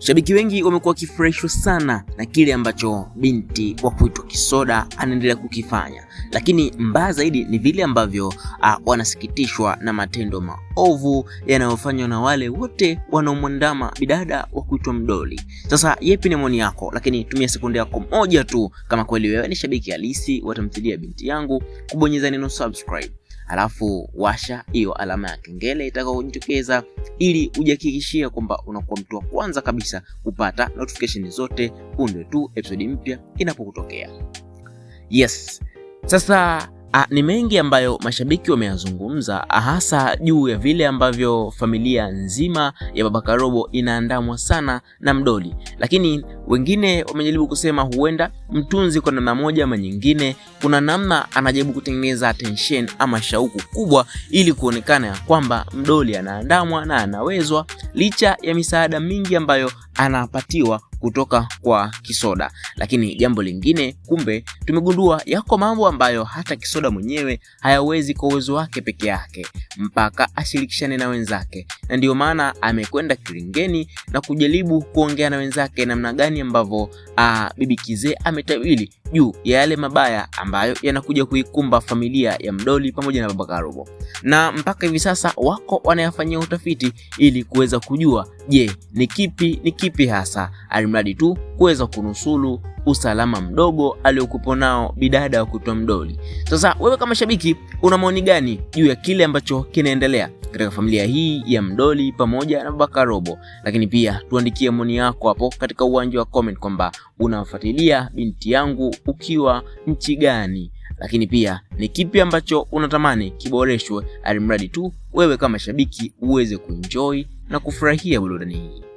Shabiki wengi wamekuwa wakifurahishwa sana na kile ambacho binti wa kuitwa Kisoda anaendelea kukifanya, lakini mbaya zaidi ni vile ambavyo uh, wanasikitishwa na matendo maovu yanayofanywa na wale wote wanaomwandama bidada wa kuitwa Mdoli. Sasa yepi ni maoni yako? Lakini tumia sekunde yako moja tu, kama kweli wewe ni shabiki halisi wa tamthilia Binti Yangu, kubonyeza neno subscribe alafu washa hiyo alama ya kengele itakayojitokeza ili ujihakikishie kwamba unakuwa mtu wa kwanza kabisa kupata notification zote punde tu episode mpya inapokutokea. Yes, sasa A, ah, ni mengi ambayo mashabiki wameyazungumza hasa juu ya vile ambavyo familia nzima ya baba Karobo inaandamwa sana na mdoli, lakini wengine wamejaribu kusema huenda mtunzi kwa namna moja ama nyingine, kuna namna anajaribu kutengeneza attention ama shauku kubwa, ili kuonekana ya kwamba mdoli anaandamwa na anawezwa, licha ya misaada mingi ambayo anapatiwa kutoka kwa Kisoda. Lakini jambo lingine, kumbe tumegundua yako mambo ambayo hata Kisoda mwenyewe hayawezi kwa uwezo wake peke yake, mpaka ashirikishane na wenzake, na ndiyo maana amekwenda kilingeni na kujaribu kuongea na wenzake namna gani ambavyo ah, Bibi Kizee ametabiri juu ya yale mabaya ambayo yanakuja kuikumba familia ya Mdoli pamoja na Baba Karobo, na mpaka hivi sasa wako wanayafanyia utafiti ili kuweza kujua, je, ni kipi ni kipi hasa, alimradi tu kuweza kunusulu usalama mdogo aliokupo nao bidada wa kutwa mdoli. Sasa wewe kama shabiki, una maoni gani juu ya kile ambacho kinaendelea katika familia hii ya Mdoli pamoja na Baba Robo? Lakini pia tuandikie maoni yako hapo katika uwanja wa comment kwamba unafuatilia binti yangu ukiwa nchi gani, lakini pia ni kipi ambacho unatamani kiboreshwe, alimradi tu wewe kama shabiki uweze kuenjoy na kufurahia burudani hii.